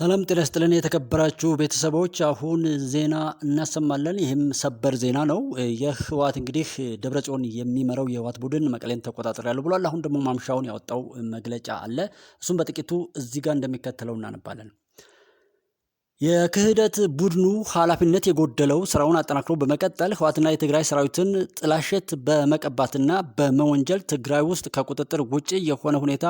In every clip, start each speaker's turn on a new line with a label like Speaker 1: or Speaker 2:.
Speaker 1: ሰላም ጤና ይስጥልን የተከበራችሁ ቤተሰቦች፣ አሁን ዜና እናሰማለን። ይህም ሰበር ዜና ነው። የህወሓት እንግዲህ ጽዮን የሚመራው የህወሓት ቡድን መቀሌን ተቆጣጥሬያለሁ ብሏል። አሁን ደግሞ ማምሻውን ያወጣው መግለጫ አለ። እሱም በጥቂቱ እዚህ ጋር እንደሚከተለው እናነባለን። የክህደት ቡድኑ ኃላፊነት የጎደለው ስራውን አጠናክሮ በመቀጠል ህወሓትና የትግራይ ሰራዊትን ጥላሸት በመቀባትና በመወንጀል ትግራይ ውስጥ ከቁጥጥር ውጪ የሆነ ሁኔታ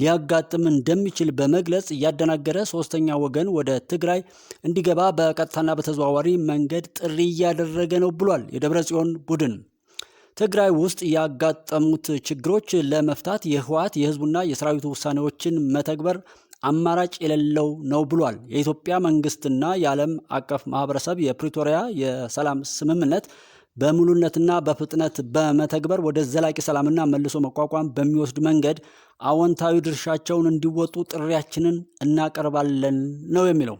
Speaker 1: ሊያጋጥም እንደሚችል በመግለጽ እያደናገረ ሶስተኛ ወገን ወደ ትግራይ እንዲገባ በቀጥታና በተዘዋዋሪ መንገድ ጥሪ እያደረገ ነው ብሏል። የደብረ ጽዮን ቡድን ትግራይ ውስጥ ያጋጠሙት ችግሮች ለመፍታት የህወሓት የህዝቡና የሰራዊቱ ውሳኔዎችን መተግበር አማራጭ የሌለው ነው ብሏል። የኢትዮጵያ መንግስትና የዓለም አቀፍ ማህበረሰብ የፕሪቶሪያ የሰላም ስምምነት በሙሉነትና በፍጥነት በመተግበር ወደ ዘላቂ ሰላምና መልሶ መቋቋም በሚወስድ መንገድ አዎንታዊ ድርሻቸውን እንዲወጡ ጥሪያችንን እናቀርባለን ነው የሚለው።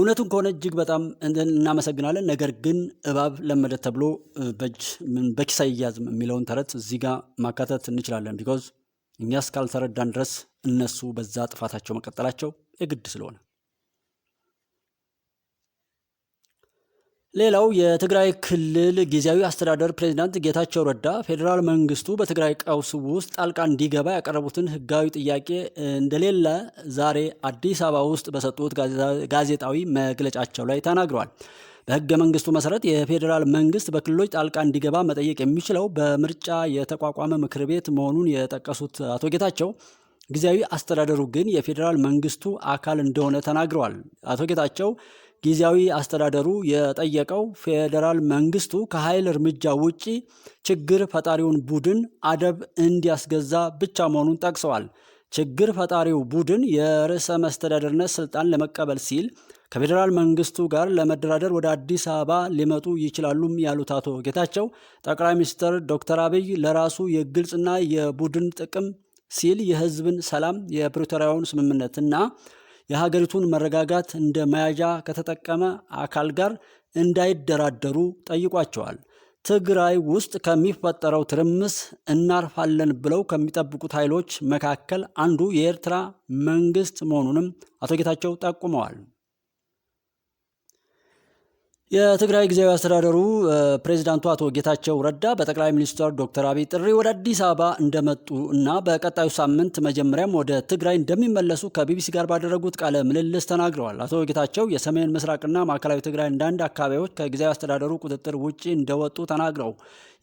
Speaker 1: እውነቱን ከሆነ እጅግ በጣም እናመሰግናለን። ነገር ግን እባብ ለመደ ተብሎ በኪስ አይያዝም የሚለውን ተረት እዚህ ጋር ማካተት እንችላለን። ቢኮዝ እኛ እስካልተረዳን ድረስ እነሱ በዛ ጥፋታቸው መቀጠላቸው የግድ ስለሆነ ሌላው የትግራይ ክልል ጊዜያዊ አስተዳደር ፕሬዚዳንት ጌታቸው ረዳ ፌዴራል መንግስቱ በትግራይ ቀውስ ውስጥ ጣልቃ እንዲገባ ያቀረቡትን ህጋዊ ጥያቄ እንደሌለ ዛሬ አዲስ አበባ ውስጥ በሰጡት ጋዜጣዊ መግለጫቸው ላይ ተናግረዋል። በህገ መንግስቱ መሰረት የፌዴራል መንግስት በክልሎች ጣልቃ እንዲገባ መጠየቅ የሚችለው በምርጫ የተቋቋመ ምክር ቤት መሆኑን የጠቀሱት አቶ ጌታቸው ጊዜያዊ አስተዳደሩ ግን የፌዴራል መንግስቱ አካል እንደሆነ ተናግረዋል። አቶ ጌታቸው ጊዜያዊ አስተዳደሩ የጠየቀው ፌዴራል መንግስቱ ከኃይል እርምጃ ውጪ ችግር ፈጣሪውን ቡድን አደብ እንዲያስገዛ ብቻ መሆኑን ጠቅሰዋል። ችግር ፈጣሪው ቡድን የርዕሰ መስተዳደርነት ስልጣን ለመቀበል ሲል ከፌዴራል መንግስቱ ጋር ለመደራደር ወደ አዲስ አበባ ሊመጡ ይችላሉም ያሉት አቶ ጌታቸው ጠቅላይ ሚኒስትር ዶክተር አብይ ለራሱ የግልጽና የቡድን ጥቅም ሲል የህዝብን ሰላም የፕሪቶሪያውን ስምምነት የሀገሪቱን መረጋጋት እንደ መያዣ ከተጠቀመ አካል ጋር እንዳይደራደሩ ጠይቋቸዋል። ትግራይ ውስጥ ከሚፈጠረው ትርምስ እናርፋለን ብለው ከሚጠብቁት ኃይሎች መካከል አንዱ የኤርትራ መንግስት መሆኑንም አቶ ጌታቸው ጠቁመዋል። የትግራይ ጊዜያዊ አስተዳደሩ ፕሬዚዳንቱ አቶ ጌታቸው ረዳ በጠቅላይ ሚኒስትር ዶክተር አብይ ጥሪ ወደ አዲስ አበባ እንደመጡ እና በቀጣዩ ሳምንት መጀመሪያም ወደ ትግራይ እንደሚመለሱ ከቢቢሲ ጋር ባደረጉት ቃለ ምልልስ ተናግረዋል። አቶ ጌታቸው የሰሜን ምስራቅና ማዕከላዊ ትግራይ አንዳንድ አካባቢዎች ከጊዜያዊ አስተዳደሩ ቁጥጥር ውጭ እንደወጡ ተናግረው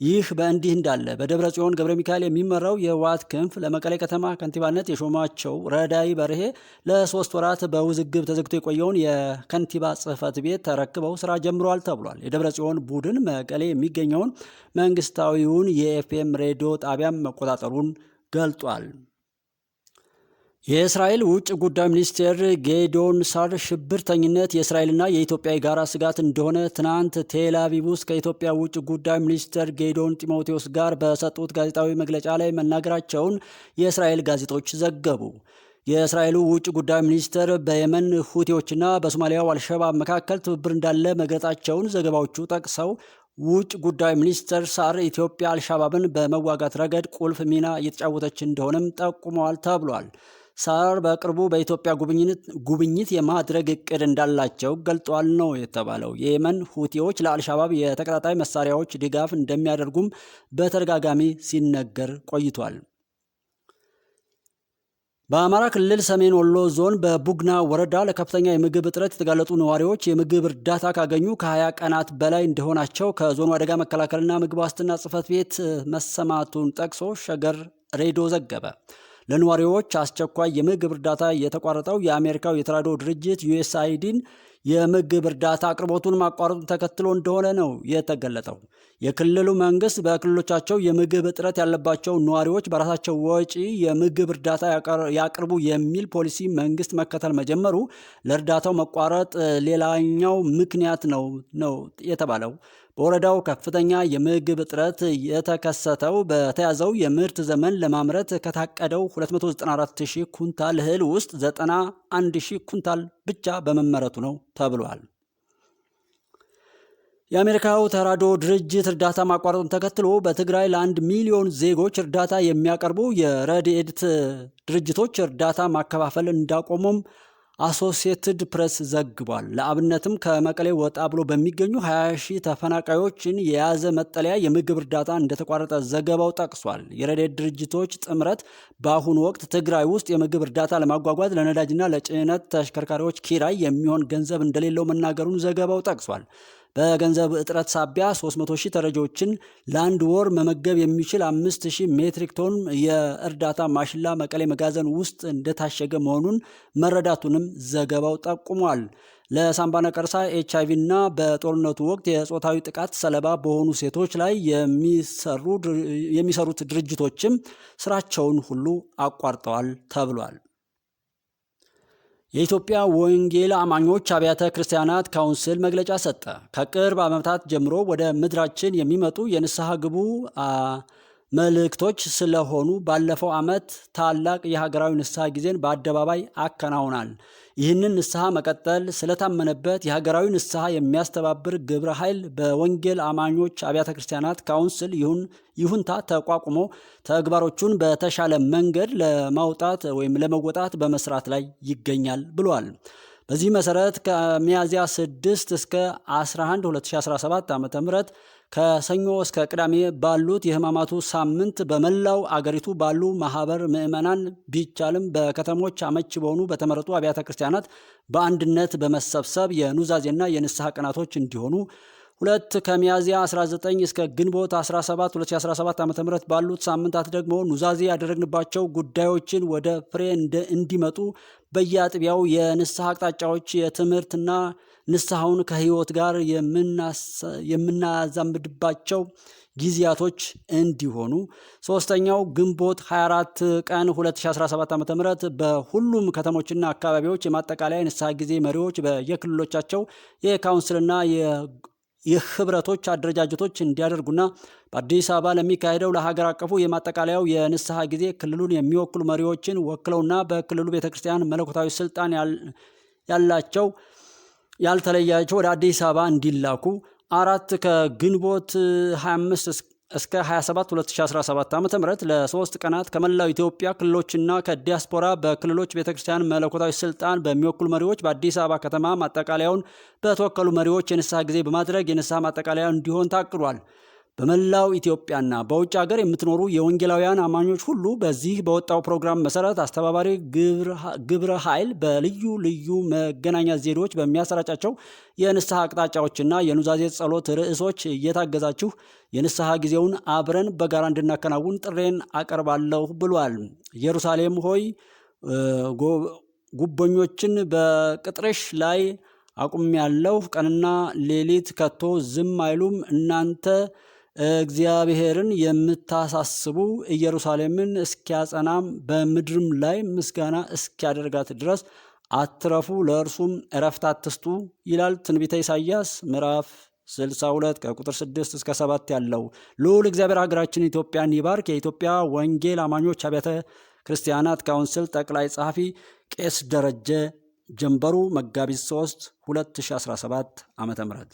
Speaker 1: ይህ በእንዲህ እንዳለ በደብረ ጽዮን ገብረ ሚካኤል የሚመራው የህወሓት ክንፍ ለመቀሌ ከተማ ከንቲባነት የሾማቸው ረዳይ በርሄ ለሶስት ወራት በውዝግብ ተዘግቶ የቆየውን የከንቲባ ጽህፈት ቤት ተረክበው ስራ ጀምረዋል ተብሏል። የደብረ ጽዮን ቡድን መቀሌ የሚገኘውን መንግስታዊውን የኤፍኤም ሬዲዮ ጣቢያም መቆጣጠሩን ገልጧል። የእስራኤል ውጭ ጉዳይ ሚኒስቴር ጌዶን ሳር ሽብርተኝነት የእስራኤልና የኢትዮጵያ የጋራ ስጋት እንደሆነ ትናንት ቴል አቪቭ ውስጥ ከኢትዮጵያ ውጭ ጉዳይ ሚኒስትር ጌዶን ጢሞቴዎስ ጋር በሰጡት ጋዜጣዊ መግለጫ ላይ መናገራቸውን የእስራኤል ጋዜጦች ዘገቡ። የእስራኤሉ ውጭ ጉዳይ ሚኒስትር በየመን ሁቲዎችና በሶማሊያው አልሸባብ መካከል ትብብር እንዳለ መግለጻቸውን ዘገባዎቹ ጠቅሰው ውጭ ጉዳይ ሚኒስትር ሳር ኢትዮጵያ አልሻባብን በመዋጋት ረገድ ቁልፍ ሚና እየተጫወተች እንደሆነም ጠቁመዋል ተብሏል። ሳር በቅርቡ በኢትዮጵያ ጉብኝት የማድረግ እቅድ እንዳላቸው ገልጧል ነው የተባለው። የየመን ሁቲዎች ለአልሻባብ የተቀጣጣይ መሳሪያዎች ድጋፍ እንደሚያደርጉም በተደጋጋሚ ሲነገር ቆይቷል። በአማራ ክልል ሰሜን ወሎ ዞን በቡግና ወረዳ ለከፍተኛ የምግብ እጥረት የተጋለጡ ነዋሪዎች የምግብ እርዳታ ካገኙ ከ20 ቀናት በላይ እንደሆናቸው ከዞኑ አደጋ መከላከልና ምግብ ዋስትና ጽሕፈት ቤት መሰማቱን ጠቅሶ ሸገር ሬዲዮ ዘገበ። ለነዋሪዎች አስቸኳይ የምግብ እርዳታ የተቋረጠው የአሜሪካው የተራድኦ ድርጅት ዩኤስአይዲን የምግብ እርዳታ አቅርቦቱን ማቋረጡን ተከትሎ እንደሆነ ነው የተገለጠው። የክልሉ መንግስት በክልሎቻቸው የምግብ እጥረት ያለባቸው ነዋሪዎች በራሳቸው ወጪ የምግብ እርዳታ ያቅርቡ የሚል ፖሊሲ መንግስት መከተል መጀመሩ ለእርዳታው መቋረጥ ሌላኛው ምክንያት ነው ነው የተባለው። በወረዳው ከፍተኛ የምግብ እጥረት የተከሰተው በተያዘው የምርት ዘመን ለማምረት ከታቀደው 294 ሺህ ኩንታል እህል ውስጥ 91 ሺህ ኩንታል ብቻ በመመረቱ ነው ተብሏል። የአሜሪካው ተራዶ ድርጅት እርዳታ ማቋረጡን ተከትሎ በትግራይ ለአንድ ሚሊዮን ዜጎች እርዳታ የሚያቀርቡ የረድኤት ድርጅቶች እርዳታ ማከፋፈል እንዳቆሙም አሶሲየትድ ፕሬስ ዘግቧል። ለአብነትም ከመቀሌ ወጣ ብሎ በሚገኙ 20 ሺህ ተፈናቃዮችን የያዘ መጠለያ የምግብ እርዳታ እንደተቋረጠ ዘገባው ጠቅሷል። የረድኤት ድርጅቶች ጥምረት በአሁኑ ወቅት ትግራይ ውስጥ የምግብ እርዳታ ለማጓጓዝ ለነዳጅና ለጭነት ተሽከርካሪዎች ኪራይ የሚሆን ገንዘብ እንደሌለው መናገሩን ዘገባው ጠቅሷል። በገንዘብ እጥረት ሳቢያ 300 ሺህ ተረጂዎችን ለአንድ ወር መመገብ የሚችል 5000 ሜትሪክ ቶን የእርዳታ ማሽላ መቀሌ መጋዘን ውስጥ እንደታሸገ መሆኑን መረዳቱንም ዘገባው ጠቁሟል። ለሳምባ ነቀርሳ ኤች አይቪ እና በጦርነቱ ወቅት የጾታዊ ጥቃት ሰለባ በሆኑ ሴቶች ላይ የሚሰሩት ድርጅቶችም ስራቸውን ሁሉ አቋርጠዋል ተብሏል። የኢትዮጵያ ወንጌል አማኞች አብያተ ክርስቲያናት ካውንስል መግለጫ ሰጠ። ከቅርብ ዓመታት ጀምሮ ወደ ምድራችን የሚመጡ የንስሐ ግቡ መልእክቶች ስለሆኑ ባለፈው ዓመት ታላቅ የሀገራዊ ንስሐ ጊዜን በአደባባይ አከናውናል። ይህንን ንስሐ መቀጠል ስለታመነበት የሀገራዊ ንስሐ የሚያስተባብር ግብረ ኃይል በወንጌል አማኞች አብያተ ክርስቲያናት ካውንስል ይሁንታ ተቋቁሞ ተግባሮቹን በተሻለ መንገድ ለማውጣት ወይም ለመወጣት በመስራት ላይ ይገኛል ብሏል። በዚህ መሰረት ከሚያዝያ 6 እስከ 11 2017 ዓ.ም ከሰኞ እስከ ቅዳሜ ባሉት የህማማቱ ሳምንት በመላው አገሪቱ ባሉ ማህበር ምዕመናን ቢቻልም በከተሞች አመች በሆኑ በተመረጡ አብያተ ክርስቲያናት በአንድነት በመሰብሰብ የኑዛዜና የንስሐ ቀናቶች እንዲሆኑ ሁለት ከሚያዝያ 19 እስከ ግንቦት 17 2017 ዓ ም ባሉት ሳምንታት ደግሞ ኑዛዜ ያደረግንባቸው ጉዳዮችን ወደ ፍሬ እንዲመጡ በየአጥቢያው የንስሐ አቅጣጫዎች የትምህርትና ንስሐውን ከህይወት ጋር የምናዛምድባቸው ጊዜያቶች እንዲሆኑ። ሶስተኛው ግንቦት 24 ቀን 2017 ዓ ም በሁሉም ከተሞችና አካባቢዎች የማጠቃለያ የንስሐ ጊዜ መሪዎች በየክልሎቻቸው የካውንስልና የህብረቶች አደረጃጀቶች እንዲያደርጉና በአዲስ አበባ ለሚካሄደው ለሀገር አቀፉ የማጠቃለያው የንስሐ ጊዜ ክልሉን የሚወክሉ መሪዎችን ወክለውና በክልሉ ቤተክርስቲያን መለኮታዊ ስልጣን ያላቸው ያልተለያቸው ወደ አዲስ አበባ እንዲላኩ አራት ከግንቦት 25 እስከ 27 2017 ዓ ም ለሶስት ቀናት ከመላው ኢትዮጵያ ክልሎችና ከዲያስፖራ በክልሎች ቤተክርስቲያን መለኮታዊ ስልጣን በሚወክሉ መሪዎች በአዲስ አበባ ከተማ ማጠቃለያውን በተወከሉ መሪዎች የንስሐ ጊዜ በማድረግ የንስሐ ማጠቃለያ እንዲሆን ታቅዷል። በመላው ኢትዮጵያና በውጭ ሀገር የምትኖሩ የወንጌላውያን አማኞች ሁሉ በዚህ በወጣው ፕሮግራም መሰረት አስተባባሪ ግብረ ኃይል በልዩ ልዩ መገናኛ ዘዴዎች በሚያሰራጫቸው የንስሐ አቅጣጫዎችና የኑዛዜ ጸሎት ርዕሶች እየታገዛችሁ የንስሐ ጊዜውን አብረን በጋራ እንድናከናውን ጥሬን አቀርባለሁ ብሏል። ኢየሩሳሌም ሆይ ጉቦኞችን በቅጥርሽ ላይ አቁሜያለሁ፣ ቀንና ሌሊት ከቶ ዝም አይሉም እናንተ እግዚአብሔርን የምታሳስቡ ኢየሩሳሌምን እስኪያጸናም በምድርም ላይ ምስጋና እስኪያደርጋት ድረስ አትረፉ፣ ለእርሱም እረፍት አትስጡ ይላል ትንቢተ ኢሳይያስ ምዕራፍ 62 ከቁጥር 6 እስከ 7 ያለው። ልዑል እግዚአብሔር ሀገራችን ኢትዮጵያን ይባርክ። የኢትዮጵያ ወንጌል አማኞች አብያተ ክርስቲያናት ካውንስል ጠቅላይ ጸሐፊ ቄስ ደረጀ ጀንበሩ መጋቢት 3 2017 ዓ ም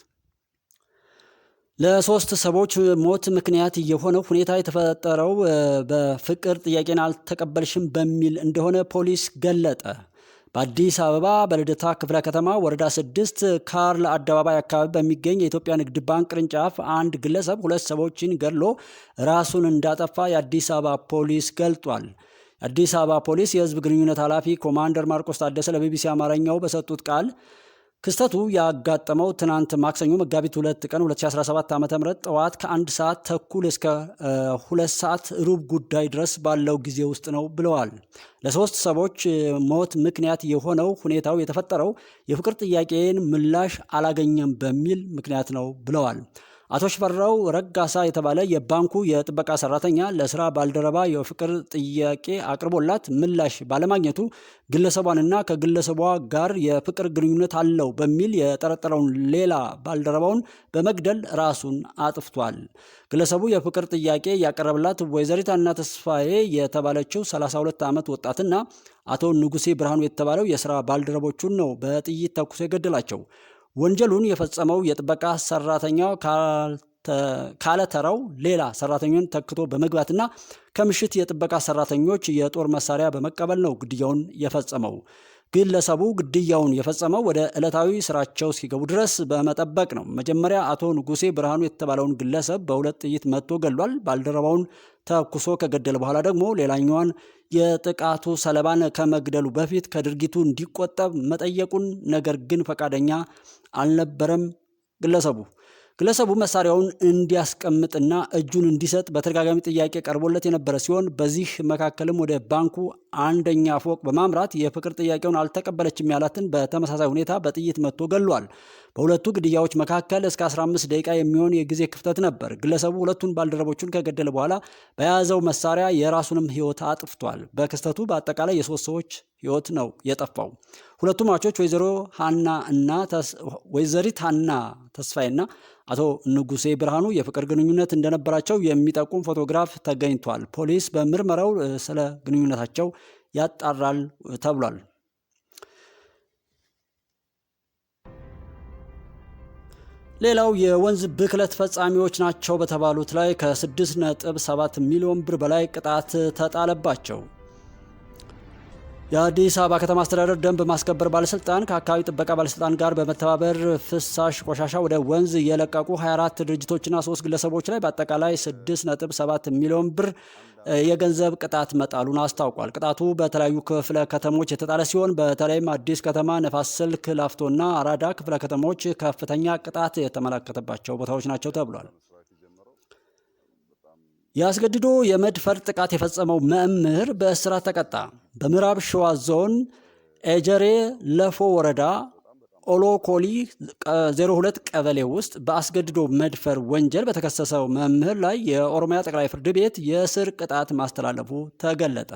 Speaker 1: ለሶስት ሰዎች ሞት ምክንያት የሆነው ሁኔታ የተፈጠረው በፍቅር ጥያቄን አልተቀበልሽም በሚል እንደሆነ ፖሊስ ገለጠ። በአዲስ አበባ በልደታ ክፍለ ከተማ ወረዳ ስድስት ካርል አደባባይ አካባቢ በሚገኝ የኢትዮጵያ ንግድ ባንክ ቅርንጫፍ አንድ ግለሰብ ሁለት ሰዎችን ገድሎ ራሱን እንዳጠፋ የአዲስ አበባ ፖሊስ ገልጧል። የአዲስ አበባ ፖሊስ የህዝብ ግንኙነት ኃላፊ ኮማንደር ማርቆስ ታደሰ ለቢቢሲ አማርኛው በሰጡት ቃል ክስተቱ ያጋጠመው ትናንት ማክሰኞ መጋቢት ሁለት ቀን 2017 ዓ ም ጠዋት ከአንድ ሰዓት ተኩል እስከ ሁለት ሰዓት ሩብ ጉዳይ ድረስ ባለው ጊዜ ውስጥ ነው ብለዋል። ለሶስት ሰዎች ሞት ምክንያት የሆነው ሁኔታው የተፈጠረው የፍቅር ጥያቄን ምላሽ አላገኘም በሚል ምክንያት ነው ብለዋል። አቶ ሽፈራው ረጋሳ የተባለ የባንኩ የጥበቃ ሰራተኛ ለስራ ባልደረባ የፍቅር ጥያቄ አቅርቦላት ምላሽ ባለማግኘቱ ግለሰቧንና ከግለሰቧ ጋር የፍቅር ግንኙነት አለው በሚል የጠረጠረውን ሌላ ባልደረባውን በመግደል ራሱን አጥፍቷል። ግለሰቡ የፍቅር ጥያቄ ያቀረበላት ወይዘሪታ ና ተስፋዬ የተባለችው 32 ዓመት ወጣትና አቶ ንጉሴ ብርሃኑ የተባለው የስራ ባልደረቦቹን ነው በጥይት ተኩሶ የገደላቸው። ወንጀሉን የፈጸመው የጥበቃ ሰራተኛው ካለተራው ሌላ ሰራተኞን ተክቶ በመግባትና ከምሽት የጥበቃ ሰራተኞች የጦር መሳሪያ በመቀበል ነው ግድያውን የፈጸመው። ግለሰቡ ግድያውን የፈጸመው ወደ ዕለታዊ ስራቸው እስኪገቡ ድረስ በመጠበቅ ነው። መጀመሪያ አቶ ንጉሴ ብርሃኑ የተባለውን ግለሰብ በሁለት ጥይት መጥቶ ገሏል። ባልደረባውን ተኩሶ ከገደለ በኋላ ደግሞ ሌላኛዋን የጥቃቱ ሰለባን ከመግደሉ በፊት ከድርጊቱ እንዲቆጠብ መጠየቁን፣ ነገር ግን ፈቃደኛ አልነበረም ግለሰቡ ግለሰቡ መሳሪያውን እንዲያስቀምጥና እጁን እንዲሰጥ በተደጋጋሚ ጥያቄ ቀርቦለት የነበረ ሲሆን በዚህ መካከልም ወደ ባንኩ አንደኛ ፎቅ በማምራት የፍቅር ጥያቄውን አልተቀበለችም ያላትን በተመሳሳይ ሁኔታ በጥይት መጥቶ ገሏል። በሁለቱ ግድያዎች መካከል እስከ 15 ደቂቃ የሚሆን የጊዜ ክፍተት ነበር። ግለሰቡ ሁለቱን ባልደረቦቹን ከገደለ በኋላ በያዘው መሳሪያ የራሱንም ሕይወት አጥፍቷል። በክስተቱ በአጠቃላይ የሶስት ሰዎች ሕይወት ነው የጠፋው። ሁለቱ ማቾች ወይዘሮ ሀና እና ወይዘሪት ሀና አቶ ንጉሴ ብርሃኑ የፍቅር ግንኙነት እንደነበራቸው የሚጠቁም ፎቶግራፍ ተገኝቷል። ፖሊስ በምርመራው ስለ ግንኙነታቸው ያጣራል ተብሏል። ሌላው የወንዝ ብክለት ፈጻሚዎች ናቸው በተባሉት ላይ ከ6.7 ሚሊዮን ብር በላይ ቅጣት ተጣለባቸው። የአዲስ አበባ ከተማ አስተዳደር ደንብ ማስከበር ባለስልጣን ከአካባቢ ጥበቃ ባለስልጣን ጋር በመተባበር ፍሳሽ ቆሻሻ ወደ ወንዝ የለቀቁ 24 ድርጅቶችና 3 ግለሰቦች ላይ በአጠቃላይ 6.7 ሚሊዮን ብር የገንዘብ ቅጣት መጣሉን አስታውቋል። ቅጣቱ በተለያዩ ክፍለ ከተሞች የተጣለ ሲሆን በተለይም አዲስ ከተማ፣ ነፋስ ስልክ፣ ላፍቶና አራዳ ክፍለ ከተሞች ከፍተኛ ቅጣት የተመለከተባቸው ቦታዎች ናቸው ተብሏል። የአስገድዶ የመድፈር ጥቃት የፈጸመው መምህር በእስራት ተቀጣ። በምዕራብ ሸዋ ዞን ኤጀሬ ለፎ ወረዳ ኦሎኮሊ 02 ቀበሌ ውስጥ በአስገድዶ መድፈር ወንጀል በተከሰሰው መምህር ላይ የኦሮሚያ ጠቅላይ ፍርድ ቤት የእስር ቅጣት ማስተላለፉ ተገለጠ።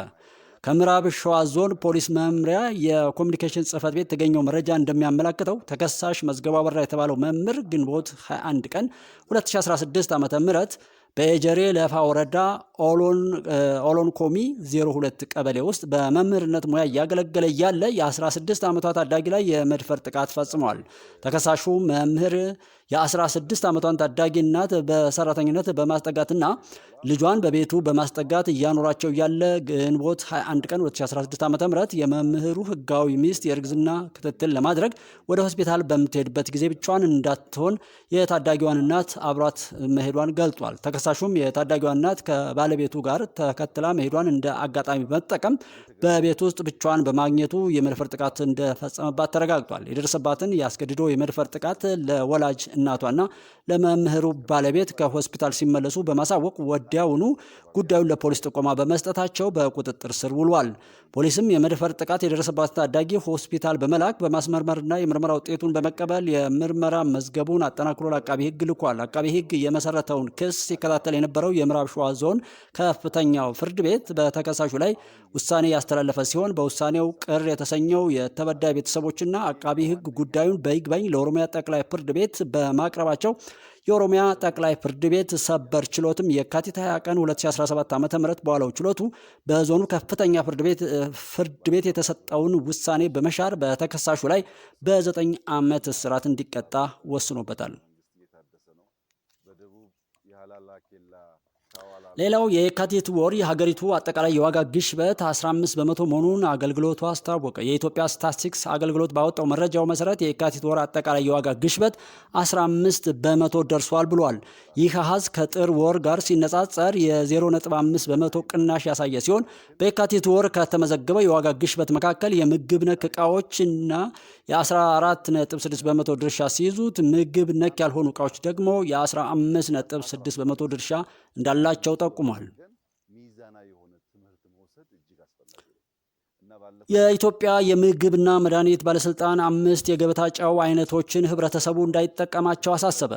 Speaker 1: ከምዕራብ ሸዋ ዞን ፖሊስ መምሪያ የኮሚኒኬሽን ጽህፈት ቤት የተገኘው መረጃ እንደሚያመላክተው ተከሳሽ መዝገባ በራ የተባለው መምህር ግንቦት 21 ቀን 2016 ዓ ም በኤጀሬ ለፋ ወረዳ ኦሎን ኮሚ 02 ቀበሌ ውስጥ በመምህርነት ሙያ እያገለገለ እያለ የ16 ዓመቷ ታዳጊ ላይ የመድፈር ጥቃት ፈጽሟል። ተከሳሹ መምህር የ16 ዓመቷን ታዳጊ እናት በሰራተኝነት በማስጠጋትና ልጇን በቤቱ በማስጠጋት እያኖራቸው ያለ ግንቦት 21 ቀን 2016 ዓ.ም የመምህሩ ህጋዊ ሚስት የእርግዝና ክትትል ለማድረግ ወደ ሆስፒታል በምትሄድበት ጊዜ ብቻዋን እንዳትሆን የታዳጊዋን እናት አብሯት መሄዷን ገልጿል። ተከሳሹም የታዳጊዋን እናት ከባለቤቱ ጋር ተከትላ መሄዷን እንደ አጋጣሚ በመጠቀም በቤት ውስጥ ብቻዋን በማግኘቱ የመድፈር ጥቃት እንደፈጸመባት ተረጋግጧል። የደረሰባትን የአስገድዶ የመድፈር ጥቃት ለወላጅ እናቷና ለመምህሩ ባለቤት ከሆስፒታል ሲመለሱ በማሳወቅ ወዲያውኑ ጉዳዩን ለፖሊስ ጥቆማ በመስጠታቸው በቁጥጥር ስር ውሏል። ፖሊስም የመድፈር ጥቃት የደረሰባት ታዳጊ ሆስፒታል በመላክ በማስመርመርና የምርመራ ውጤቱን በመቀበል የምርመራ መዝገቡን አጠናክሮ ለአቃቢ ሕግ ልኳል። አቃቢ ሕግ የመሰረተውን ክስ ሲከታተል የነበረው የምዕራብ ሸዋ ዞን ከፍተኛው ፍርድ ቤት በተከሳሹ ላይ ውሳኔ ያስተላለፈ ሲሆን በውሳኔው ቅር የተሰኘው የተበዳይ ቤተሰቦችና አቃቢ ሕግ ጉዳዩን በይግባኝ ለኦሮሚያ ጠቅላይ ፍርድ ቤት በ በማቅረባቸው የኦሮሚያ ጠቅላይ ፍርድ ቤት ሰበር ችሎትም የካቲት 20 ቀን 2017 ዓ ም በዋለው ችሎቱ በዞኑ ከፍተኛ ፍርድ ቤት የተሰጠውን ውሳኔ በመሻር በተከሳሹ ላይ በዘጠኝ ዓመት እስራት እንዲቀጣ ወስኖበታል። ሌላው የካቲት ወር የሀገሪቱ አጠቃላይ የዋጋ ግሽበት 15 በመቶ መሆኑን አገልግሎቱ አስታወቀ። የኢትዮጵያ ስታቲስቲክስ አገልግሎት ባወጣው መረጃው መሰረት የካቲት ወር አጠቃላይ የዋጋ ግሽበት 15 በመቶ ደርሷል ብሏል። ይህ አሃዝ ከጥር ወር ጋር ሲነጻጸር የ0.5 በመቶ ቅናሽ ያሳየ ሲሆን በየካቲት ወር ከተመዘገበው የዋጋ ግሽበት መካከል የምግብ ነክ እቃዎች እና የ14.6 በመቶ ድርሻ ሲይዙት ምግብ ነክ ያልሆኑ እቃዎች ደግሞ የ15.6 በመቶ ድርሻ እንዳለ እንዳላቸው ጠቁሟል። የኢትዮጵያ የምግብና መድኃኒት ባለስልጣን አምስት የገበታ ጨው አይነቶችን ህብረተሰቡ እንዳይጠቀማቸው አሳሰበ።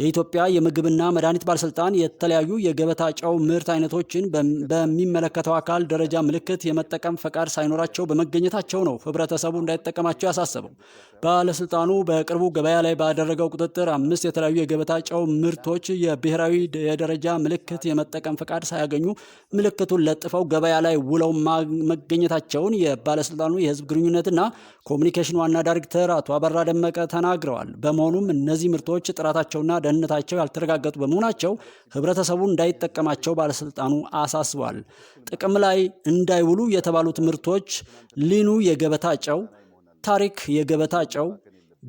Speaker 1: የኢትዮጵያ የምግብና መድኃኒት ባለስልጣን የተለያዩ የገበታ ጨው ምርት አይነቶችን በሚመለከተው አካል ደረጃ ምልክት የመጠቀም ፈቃድ ሳይኖራቸው በመገኘታቸው ነው ህብረተሰቡ እንዳይጠቀማቸው ያሳሰበው። ባለስልጣኑ በቅርቡ ገበያ ላይ ባደረገው ቁጥጥር አምስት የተለያዩ የገበታ ጨው ምርቶች የብሔራዊ የደረጃ ምልክት የመጠቀም ፈቃድ ሳያገኙ ምልክቱን ለጥፈው ገበያ ላይ ውለው መገኘታቸውን የባለስልጣኑ የህዝብ ግንኙነትና ኮሚኒኬሽን ዋና ዳይሬክተር አቶ አበራ ደመቀ ተናግረዋል። በመሆኑም እነዚህ ምርቶች ጥራታቸውና ደህንነታቸው ያልተረጋገጡ በመሆናቸው ህብረተሰቡ እንዳይጠቀማቸው ባለስልጣኑ አሳስቧል። ጥቅም ላይ እንዳይውሉ የተባሉት ምርቶች ሊኑ የገበታ ጨው፣ ታሪክ የገበታ ጨው፣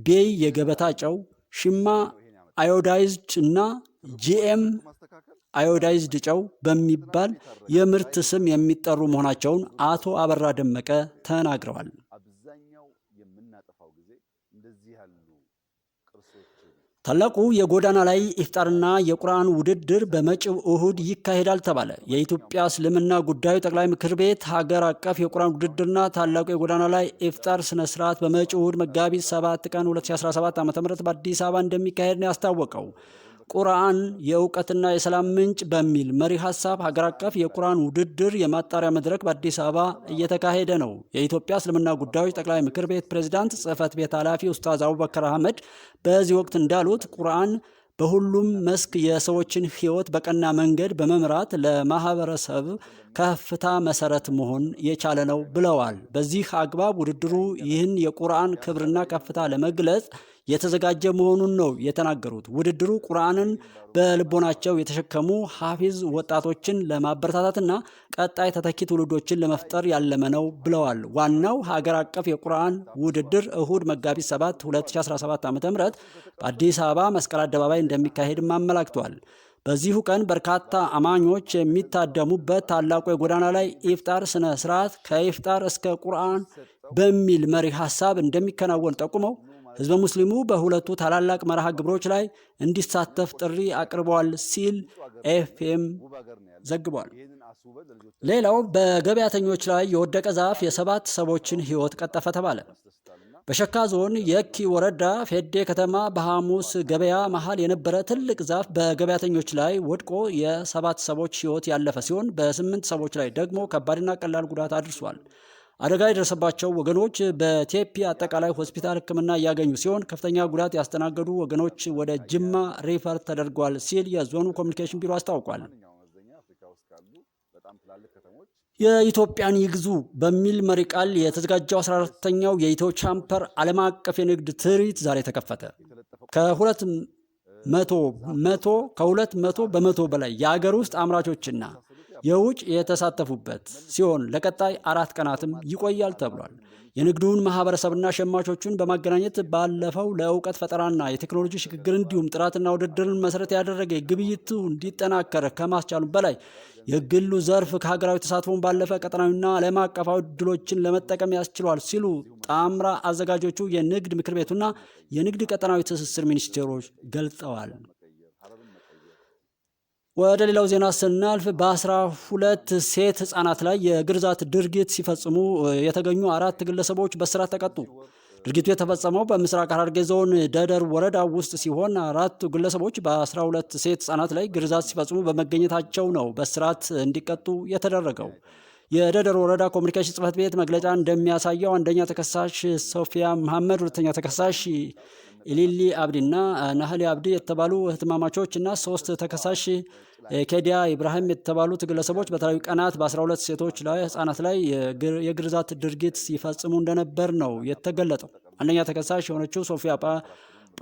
Speaker 1: ቤይ የገበታ ጨው፣ ሽማ አዮዳይዝድ እና ጂኤም አዮዳይዝድ ጨው በሚባል የምርት ስም የሚጠሩ መሆናቸውን አቶ አበራ ደመቀ ተናግረዋል። ታላቁ የጎዳና ላይ ኢፍጣርና የቁርአን ውድድር በመጪው እሁድ ይካሄዳል ተባለ። የኢትዮጵያ እስልምና ጉዳዩ ጠቅላይ ምክር ቤት ሀገር አቀፍ የቁርአን ውድድርና ታላቁ የጎዳና ላይ ኢፍጣር ስነ ስርዓት በመጪው እሁድ መጋቢት 7 ቀን 2017 ዓ ም በአዲስ አበባ እንደሚካሄድ ነው ያስታወቀው። ቁርአን የእውቀትና የሰላም ምንጭ በሚል መሪ ሀሳብ ሀገር አቀፍ የቁርአን ውድድር የማጣሪያ መድረክ በአዲስ አበባ እየተካሄደ ነው። የኢትዮጵያ እስልምና ጉዳዮች ጠቅላይ ምክር ቤት ፕሬዝዳንት ጽህፈት ቤት ኃላፊ ኡስታዝ አቡበከር አህመድ በዚህ ወቅት እንዳሉት ቁርአን በሁሉም መስክ የሰዎችን ህይወት በቀና መንገድ በመምራት ለማህበረሰብ ከፍታ መሰረት መሆን የቻለ ነው ብለዋል። በዚህ አግባብ ውድድሩ ይህን የቁርአን ክብርና ከፍታ ለመግለጽ የተዘጋጀ መሆኑን ነው የተናገሩት። ውድድሩ ቁርአንን በልቦናቸው የተሸከሙ ሐፊዝ ወጣቶችን ለማበረታታትና ቀጣይ ተተኪ ትውልዶችን ለመፍጠር ያለመ ነው ብለዋል። ዋናው ሀገር አቀፍ የቁርአን ውድድር እሁድ መጋቢት 7 2017 ዓ ም በአዲስ አበባ መስቀል አደባባይ እንደሚካሄድም አመላክቷል። በዚሁ ቀን በርካታ አማኞች የሚታደሙበት ታላቁ የጎዳና ላይ ኢፍጣር ስነ ስርዓት ከኢፍጣር እስከ ቁርአን በሚል መሪ ሀሳብ እንደሚከናወን ጠቁመው ህዝበ ሙስሊሙ በሁለቱ ታላላቅ መርሃ ግብሮች ላይ እንዲሳተፍ ጥሪ አቅርበዋል ሲል ኤፍኤም ዘግቧል። ሌላው በገበያተኞች ላይ የወደቀ ዛፍ የሰባት ሰዎችን ህይወት ቀጠፈ ተባለ። በሸካ ዞን የኪ ወረዳ ፌዴ ከተማ በሐሙስ ገበያ መሃል የነበረ ትልቅ ዛፍ በገበያተኞች ላይ ወድቆ የሰባት ሰዎች ህይወት ያለፈ ሲሆን በስምንት ሰዎች ላይ ደግሞ ከባድና ቀላል ጉዳት አድርሷል። አደጋ የደረሰባቸው ወገኖች በቴፒ አጠቃላይ ሆስፒታል ሕክምና እያገኙ ሲሆን ከፍተኛ ጉዳት ያስተናገዱ ወገኖች ወደ ጅማ ሪፈር ተደርጓል ሲል የዞኑ ኮሚኒኬሽን ቢሮ አስታውቋል። የኢትዮጵያን ይግዙ በሚል መሪ ቃል የተዘጋጀው 14ተኛው የኢትዮ ቻምፐር ዓለም አቀፍ የንግድ ትርኢት ዛሬ ተከፈተ። ከሁለት መቶ መቶ ከሁለት መቶ በመቶ በላይ የአገር ውስጥ አምራቾችና የውጭ የተሳተፉበት ሲሆን ለቀጣይ አራት ቀናትም ይቆያል ተብሏል። የንግዱን ማህበረሰብና ሸማቾቹን በማገናኘት ባለፈው ለእውቀት ፈጠራና የቴክኖሎጂ ሽግግር እንዲሁም ጥራትና ውድድርን መሰረት ያደረገ ግብይቱ እንዲጠናከር ከማስቻሉ በላይ የግሉ ዘርፍ ከሀገራዊ ተሳትፎን ባለፈ ቀጠናዊና ዓለም አቀፋዊ እድሎችን ለመጠቀም ያስችሏል ሲሉ ጣምራ አዘጋጆቹ የንግድ ምክር ቤቱና የንግድ ቀጠናዊ ትስስር ሚኒስቴሮች ገልጠዋል። ወደ ሌላው ዜና ስናልፍ በአስራ ሁለት ሴት ህጻናት ላይ የግርዛት ድርጊት ሲፈጽሙ የተገኙ አራት ግለሰቦች በስራት ተቀጡ። ድርጊቱ የተፈጸመው በምስራቅ ሐረርጌ ዞን ደደር ወረዳ ውስጥ ሲሆን አራቱ ግለሰቦች በ12 ሴት ህጻናት ላይ ግርዛት ሲፈጽሙ በመገኘታቸው ነው በእስራት እንዲቀጡ የተደረገው። የደደር ወረዳ ኮሚኒኬሽን ጽፈት ቤት መግለጫ እንደሚያሳየው አንደኛ ተከሳሽ ሶፊያ መሐመድ፣ ሁለተኛ ተከሳሽ ኢሊሊ አብዲና ናህሊ አብዲ የተባሉ እህትማማቾች እና ሶስት ተከሳሽ ኬዲያ ኢብራሂም የተባሉት ግለሰቦች በተለያዩ ቀናት በ12 ሴቶች ላይ ህጻናት ላይ የግርዛት ድርጊት ሲፈጽሙ እንደነበር ነው የተገለጠው። አንደኛ ተከሳሽ የሆነችው ሶፊያ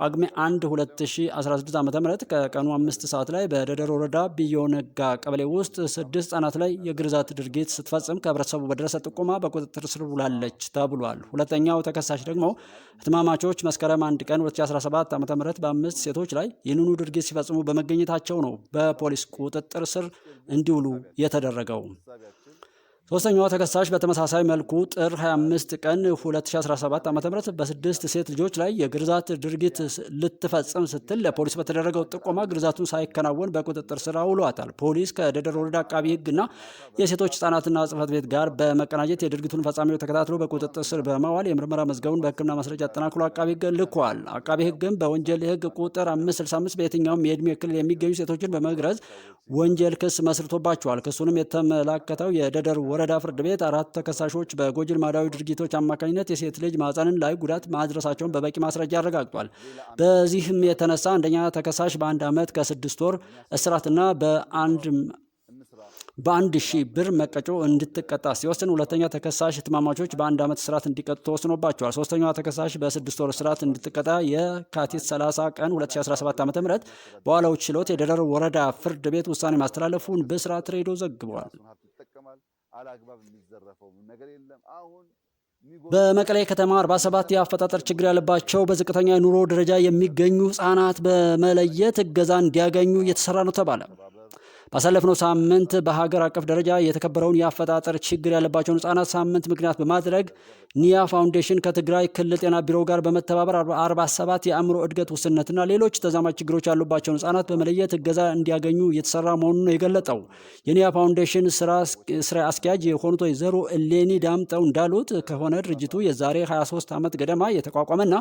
Speaker 1: ጳጉሜ 1 2016 ዓ ም ከቀኑ አምስት ሰዓት ላይ በደደር ወረዳ ብዮነጋ ቀበሌ ውስጥ ስድስት ህጻናት ላይ የግርዛት ድርጊት ስትፈጽም ከህብረተሰቡ በደረሰ ጥቆማ በቁጥጥር ስር ውላለች ተብሏል። ሁለተኛው ተከሳሽ ደግሞ ህትማማቾች መስከረም 1 ቀን 2017 ዓ ም በአምስት ሴቶች ላይ ይህንኑ ድርጊት ሲፈጽሙ በመገኘታቸው ነው በፖሊስ ቁጥጥር ስር እንዲውሉ የተደረገው። ሶስተኛዋ ተከሳሽ በተመሳሳይ መልኩ ጥር 25 ቀን 2017 ዓ.ም በስድስት ሴት ልጆች ላይ የግርዛት ድርጊት ልትፈጽም ስትል ለፖሊስ በተደረገው ጥቆማ ግርዛቱን ሳይከናወን በቁጥጥር ስር አውሏታል። ፖሊስ ከደደር ወረዳ አቃቢ ሕግና የሴቶች ህጻናትና ጽሕፈት ቤት ጋር በመቀናጀት የድርጊቱን ፈጻሚዎች ተከታትሎ በቁጥጥር ስር በማዋል የምርመራ መዝገቡን በህክምና ማስረጃ አጠናክሎ አቃቢ ህግ ልኳል። አቃቢ ህግም በወንጀል ህግ ቁጥር 565 በየትኛውም የእድሜ ክልል የሚገኙ ሴቶችን በመግረዝ ወንጀል ክስ መስርቶባቸዋል። ክሱንም የተመላከተው የደደር ወረዳ ወረዳ ፍርድ ቤት አራት ተከሳሾች በጎጂ ልማዳዊ ድርጊቶች አማካኝነት የሴት ልጅ ማህፀንን ላይ ጉዳት ማድረሳቸውን በበቂ ማስረጃ አረጋግጧል። በዚህም የተነሳ አንደኛ ተከሳሽ በአንድ ዓመት ከስድስት ወር እስራትና በአንድ በአንድ ሺህ ብር መቀጮ እንድትቀጣ ሲወስን ሁለተኛ ተከሳሽ ህትማማቾች በአንድ ዓመት እስራት እንዲቀጡ ተወስኖባቸዋል። ሶስተኛዋ ተከሳሽ በስድስት ወር እስራት እንድትቀጣ የካቲት 30 ቀን 2017 ዓ ም በኋላው ችሎት የደረር ወረዳ ፍርድ ቤት ውሳኔ ማስተላለፉን ብስራት ሬዲዮ ዘግቧል። በመቀሌ ከተማ 47 የአፈጣጠር ችግር ያለባቸው በዝቅተኛ የኑሮ ደረጃ የሚገኙ ህጻናት በመለየት እገዛ እንዲያገኙ እየተሰራ ነው ተባለ። ባሳለፍነው ሳምንት በሀገር አቀፍ ደረጃ የተከበረውን የአፈጣጠር ችግር ያለባቸውን ህጻናት ሳምንት ምክንያት በማድረግ ኒያ ፋውንዴሽን ከትግራይ ክልል ጤና ቢሮ ጋር በመተባበር 47 የአእምሮ እድገት ውስንነትና ሌሎች ተዛማጅ ችግሮች ያሉባቸውን ህጻናት በመለየት እገዛ እንዲያገኙ እየተሰራ መሆኑን ነው የገለጠው። የኒያ ፋውንዴሽን ስራ አስኪያጅ የሆኑት ወይዘሮ እሌኒ ዳምጠው እንዳሉት ከሆነ ድርጅቱ የዛሬ 23 ዓመት ገደማ የተቋቋመና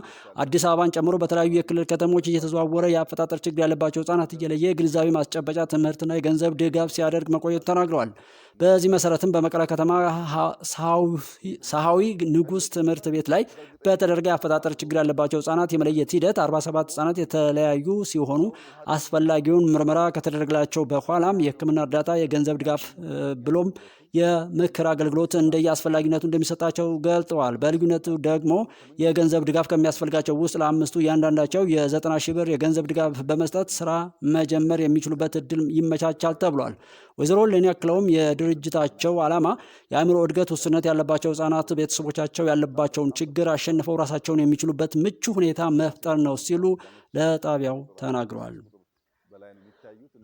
Speaker 1: አዲስ አበባን ጨምሮ በተለያዩ የክልል ከተሞች እየተዘዋወረ የአፈጣጠር ችግር ያለባቸው ህጻናት እየለየ ግንዛቤ ማስጨበጫ ትምህርትና የገንዘብ ገንዘብ ድጋፍ ሲያደርግ መቆየቱ ተናግረዋል። በዚህ መሰረትም በመቀለ ከተማ ሳሃዊ ንጉሥ ትምህርት ቤት ላይ በተደረገ የአፈጣጠር ችግር ያለባቸው ህጻናት የመለየት ሂደት 47 ህጻናት የተለያዩ ሲሆኑ አስፈላጊውን ምርመራ ከተደረገላቸው በኋላም የህክምና እርዳታ፣ የገንዘብ ድጋፍ ብሎም የምክር አገልግሎት እንደየ አስፈላጊነቱ እንደሚሰጣቸው ገልጠዋል። በልዩነቱ ደግሞ የገንዘብ ድጋፍ ከሚያስፈልጋቸው ውስጥ ለአምስቱ እያንዳንዳቸው የዘጠና ሺህ ብር የገንዘብ ድጋፍ በመስጠት ስራ መጀመር የሚችሉበት እድል ይመቻቻል ተብሏል። ወይዘሮ ሌኒ አክለውም የድርጅታቸው ዓላማ የአእምሮ እድገት ውስንነት ያለባቸው ህጻናት ቤተሰቦቻቸው ያለባቸውን ችግር አሸንፈው ራሳቸውን የሚችሉበት ምቹ ሁኔታ መፍጠር ነው ሲሉ ለጣቢያው ተናግረዋል።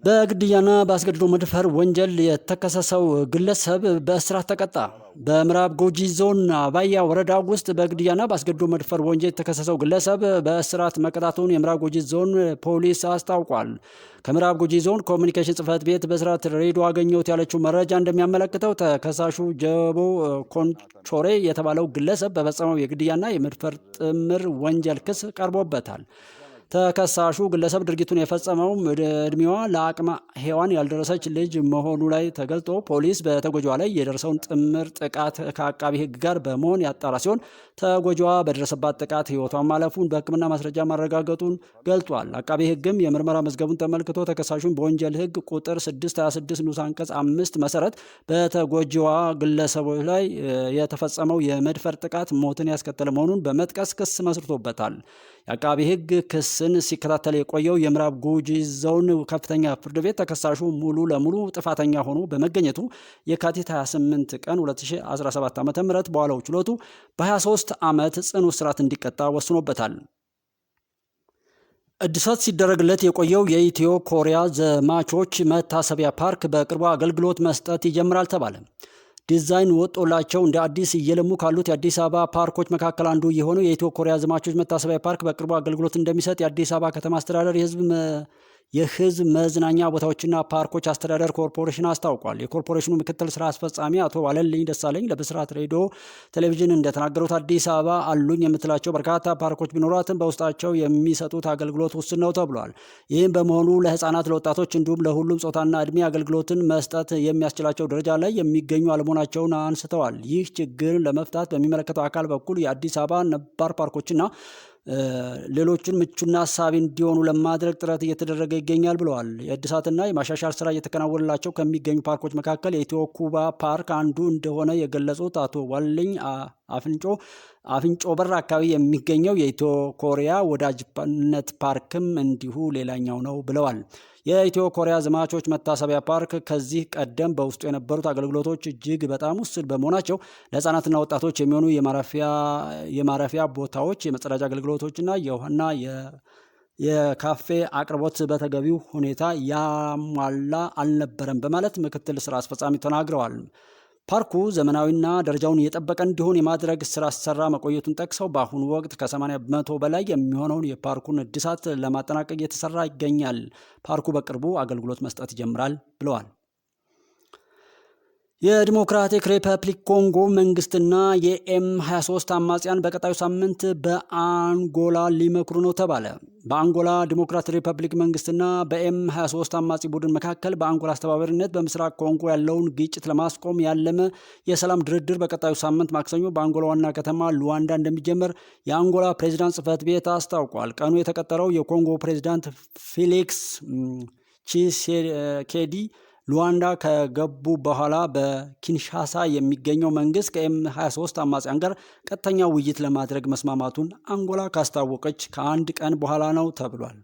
Speaker 1: በግድያና በአስገድዶ መድፈር ወንጀል የተከሰሰው ግለሰብ በእስራት ተቀጣ። በምዕራብ ጉጂ ዞን አባያ ወረዳ ውስጥ በግድያና በአስገድዶ መድፈር ወንጀል የተከሰሰው ግለሰብ በእስራት መቀጣቱን የምዕራብ ጉጂ ዞን ፖሊስ አስታውቋል። ከምዕራብ ጉጂ ዞን ኮሚኒኬሽን ጽህፈት ቤት በእስራት ሬዲዮ አገኘሁት ያለችው መረጃ እንደሚያመለክተው ተከሳሹ ጀቦ ኮንቾሬ የተባለው ግለሰብ በፈጸመው የግድያና የመድፈር ጥምር ወንጀል ክስ ቀርቦበታል። ተከሳሹ ግለሰብ ድርጊቱን የፈጸመው እድሜዋ ለአቅመ ሔዋን ያልደረሰች ልጅ መሆኑ ላይ ተገልጦ ፖሊስ በተጎጇ ላይ የደረሰውን ጥምር ጥቃት ከአቃቢ ሕግ ጋር በመሆን ያጣራ ሲሆን ተጎጇ በደረሰባት ጥቃት ሕይወቷን ማለፉን በሕክምና ማስረጃ ማረጋገጡን ገልጧል። አቃቢ ሕግም የምርመራ መዝገቡን ተመልክቶ ተከሳሹን በወንጀል ሕግ ቁጥር 626 ንዑስ አንቀጽ አምስት መሰረት በተጎጂዋ ግለሰቦች ላይ የተፈጸመው የመድፈር ጥቃት ሞትን ያስከተለ መሆኑን በመጥቀስ ክስ መስርቶበታል። የአቃቢ ሕግ ክስ ክስን ሲከታተል የቆየው የምዕራብ ጉጂ ዞን ከፍተኛ ፍርድ ቤት ተከሳሹ ሙሉ ለሙሉ ጥፋተኛ ሆኖ በመገኘቱ የካቲት 28 ቀን 2017 ዓ.ም በዋለው ችሎቱ በ23 ዓመት ጽኑ እስራት እንዲቀጣ ወስኖበታል። እድሳት ሲደረግለት የቆየው የኢትዮ ኮሪያ ዘማቾች መታሰቢያ ፓርክ በቅርቡ አገልግሎት መስጠት ይጀምራል ተባለ። ዲዛይን ወጦላቸው እንደ አዲስ እየለሙ ካሉት የአዲስ አበባ ፓርኮች መካከል አንዱ የሆነው የኢትዮ ኮሪያ ዘማቾች መታሰቢያ ፓርክ በቅርቡ አገልግሎት እንደሚሰጥ የአዲስ አበባ ከተማ አስተዳደር የህዝብ የህዝብ መዝናኛ ቦታዎችና ፓርኮች አስተዳደር ኮርፖሬሽን አስታውቋል። የኮርፖሬሽኑ ምክትል ስራ አስፈጻሚ አቶ ዋለልኝ ደሳለኝ ለብስራት ሬዲዮ ቴሌቪዥን እንደተናገሩት አዲስ አበባ አሉኝ የምትላቸው በርካታ ፓርኮች ቢኖራትም በውስጣቸው የሚሰጡት አገልግሎት ውስን ነው ተብሏል። ይህም በመሆኑ ለህፃናት፣ ለወጣቶች እንዲሁም ለሁሉም ጾታና እድሜ አገልግሎትን መስጠት የሚያስችላቸው ደረጃ ላይ የሚገኙ አለመሆናቸውን አንስተዋል። ይህ ችግር ለመፍታት በሚመለከተው አካል በኩል የአዲስ አበባ ነባር ፓርኮችና ሌሎችን ምቹና አሳቢ እንዲሆኑ ለማድረግ ጥረት እየተደረገ ይገኛል ብለዋል። የእድሳትና የማሻሻል ስራ እየተከናወነላቸው ከሚገኙ ፓርኮች መካከል የኢትዮ ኩባ ፓርክ አንዱ እንደሆነ የገለጹት አቶ ዋልኝ አፍንጮ አፍንጮ በር አካባቢ የሚገኘው የኢትዮ ኮሪያ ወዳጅነት ፓርክም እንዲሁ ሌላኛው ነው ብለዋል። የኢትዮ ኮሪያ ዘማቾች መታሰቢያ ፓርክ ከዚህ ቀደም በውስጡ የነበሩት አገልግሎቶች እጅግ በጣም ውስን በመሆናቸው ለህፃናትና ወጣቶች የሚሆኑ የማረፊያ ቦታዎች፣ የመጸዳጃ አገልግሎቶችና የውሃና የካፌ አቅርቦት በተገቢው ሁኔታ ያሟላ አልነበረም በማለት ምክትል ስራ አስፈጻሚ ተናግረዋል። ፓርኩ ዘመናዊና ደረጃውን እየጠበቀ እንዲሆን የማድረግ ስራ ሲሰራ መቆየቱን ጠቅሰው በአሁኑ ወቅት ከ80 በመቶ በላይ የሚሆነውን የፓርኩን እድሳት ለማጠናቀቅ እየተሰራ ይገኛል። ፓርኩ በቅርቡ አገልግሎት መስጠት ይጀምራል ብለዋል። የዲሞክራቲክ ሪፐብሊክ ኮንጎ መንግስትና የኤም 23 አማጽያን በቀጣዩ ሳምንት በአንጎላ ሊመክሩ ነው ተባለ። በአንጎላ ዲሞክራት ሪፐብሊክ መንግስትና በኤም 23 አማጺ ቡድን መካከል በአንጎላ አስተባባሪነት በምስራቅ ኮንጎ ያለውን ግጭት ለማስቆም ያለመ የሰላም ድርድር በቀጣዩ ሳምንት ማክሰኞ በአንጎላ ዋና ከተማ ሉዋንዳ እንደሚጀመር የአንጎላ ፕሬዚዳንት ጽህፈት ቤት አስታውቋል። ቀኑ የተቀጠረው የኮንጎ ፕሬዚዳንት ፊሊክስ ቺሴኬዲ ሉዋንዳ ከገቡ በኋላ በኪንሻሳ የሚገኘው መንግስት ከኤም 23 አማጽያን ጋር ቀጥተኛ ውይይት ለማድረግ መስማማቱን አንጎላ ካስታወቀች ከአንድ ቀን በኋላ ነው ተብሏል።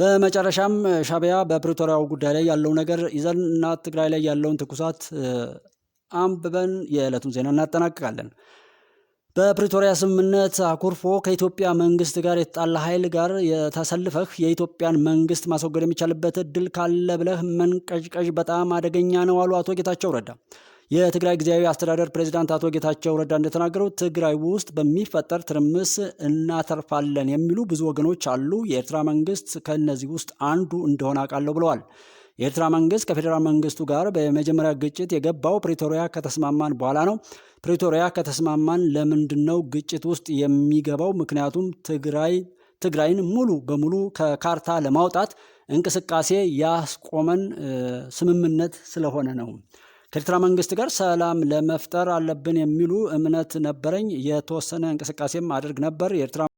Speaker 1: በመጨረሻም ሻቢያ በፕሪቶሪያው ጉዳይ ላይ ያለው ነገር ይዘን እና ትግራይ ላይ ያለውን ትኩሳት አንብበን የዕለቱን ዜና እናጠናቅቃለን። በፕሪቶሪያ ስምምነት አኩርፎ ከኢትዮጵያ መንግስት ጋር የተጣላ ኃይል ጋር የተሰልፈህ የኢትዮጵያን መንግስት ማስወገድ የሚቻልበት እድል ካለ ብለህ መንቀዥቀዥ በጣም አደገኛ ነው አሉ አቶ ጌታቸው ረዳ። የትግራይ ጊዜያዊ አስተዳደር ፕሬዚዳንት አቶ ጌታቸው ረዳ እንደተናገሩት ትግራይ ውስጥ በሚፈጠር ትርምስ እናተርፋለን የሚሉ ብዙ ወገኖች አሉ። የኤርትራ መንግስት ከእነዚህ ውስጥ አንዱ እንደሆነ አውቃለሁ ብለዋል። የኤርትራ መንግስት ከፌዴራል መንግስቱ ጋር በመጀመሪያ ግጭት የገባው ፕሪቶሪያ ከተስማማን በኋላ ነው። ፕሪቶሪያ ከተስማማን ለምንድን ነው ግጭት ውስጥ የሚገባው? ምክንያቱም ትግራይ ትግራይን ሙሉ በሙሉ ከካርታ ለማውጣት እንቅስቃሴ ያስቆመን ስምምነት ስለሆነ ነው። ከኤርትራ መንግስት ጋር ሰላም ለመፍጠር አለብን የሚሉ እምነት ነበረኝ። የተወሰነ እንቅስቃሴም አድርግ ነበር። የኤርትራ